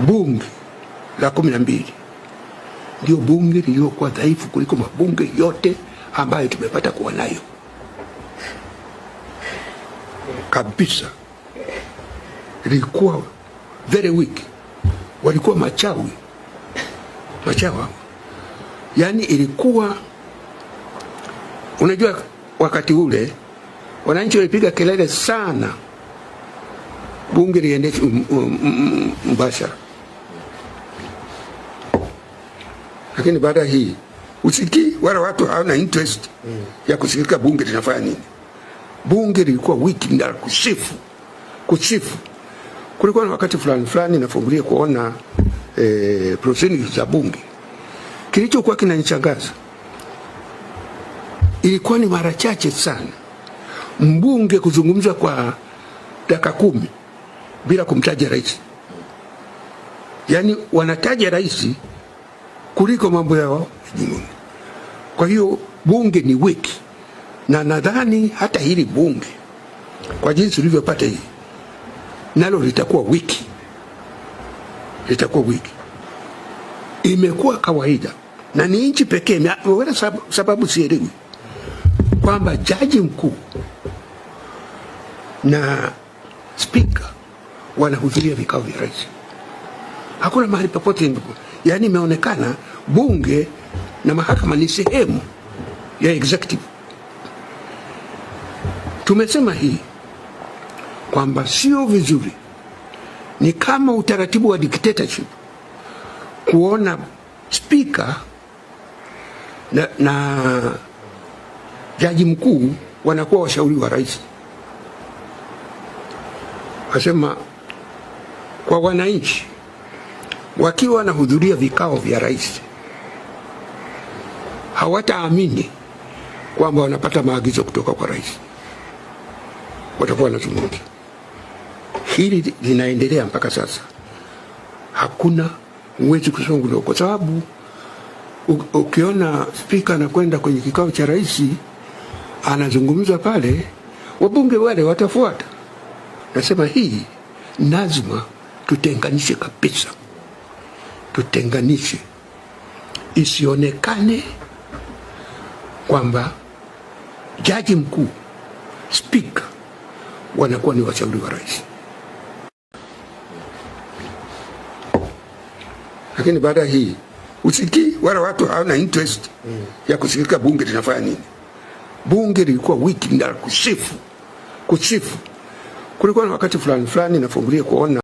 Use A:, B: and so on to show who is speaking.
A: bunge la kumi na mbili ndio bunge liliokuwa dhaifu kuliko mabunge yote ambayo tumepata kuwa nayo kabisa, Ilikuwa very weak, walikuwa machawi machawa, yaani ilikuwa unajua, wakati ule wananchi walipiga kelele sana bunge liende mbashara Lakini baada hii usikii wala watu hawana interest mm. ya kusikika bunge linafanya nini. Bunge lilikuwa wiki ndala kusifu kusifu. Kulikuwa na wakati fulani fulani nafungulia kuona eh, proseni za bunge. Kilichokuwa kinanichangaza ilikuwa ni mara chache sana mbunge kuzungumza kwa dakika kumi bila kumtaja rais. Yaani wanataja rais kuliko mambo ya jingine. Kwa hiyo bunge ni wiki, na nadhani hata hili bunge kwa jinsi ulivyopata hii nalo litakuwa wiki, litakuwa wiki. Imekuwa kawaida na ni nchi pekee, wala sababu sielewi, kwamba jaji mkuu na spika wanahudhuria vikao vya rais hakuna mahali popote. Yani imeonekana bunge na mahakama ni sehemu ya executive. Tumesema hii kwamba sio vizuri, ni kama utaratibu wa dictatorship kuona spika na, na jaji mkuu wanakuwa washauri wa rais. Asema kwa wananchi wakiwa wanahudhuria vikao vya rais hawataamini kwamba wanapata maagizo kutoka kwa rais, watakuwa wanazungumza. Hili linaendelea mpaka sasa, hakuna uwezi kusonga kwa sababu ukiona spika anakwenda kwenye kikao cha rais anazungumza pale, wabunge wale watafuata. Nasema hii lazima tutenganishe kabisa tutenganishe, isionekane kwamba jaji mkuu, spika wanakuwa ni washauri wa rais. Lakini baada hii usikii, wala watu hawana interest mm. ya kusikika bunge linafanya nini. Bunge lilikuwa wiki ndio kusifu kusifu, kulikuwa na wakati fulani fulani nafungulia kuona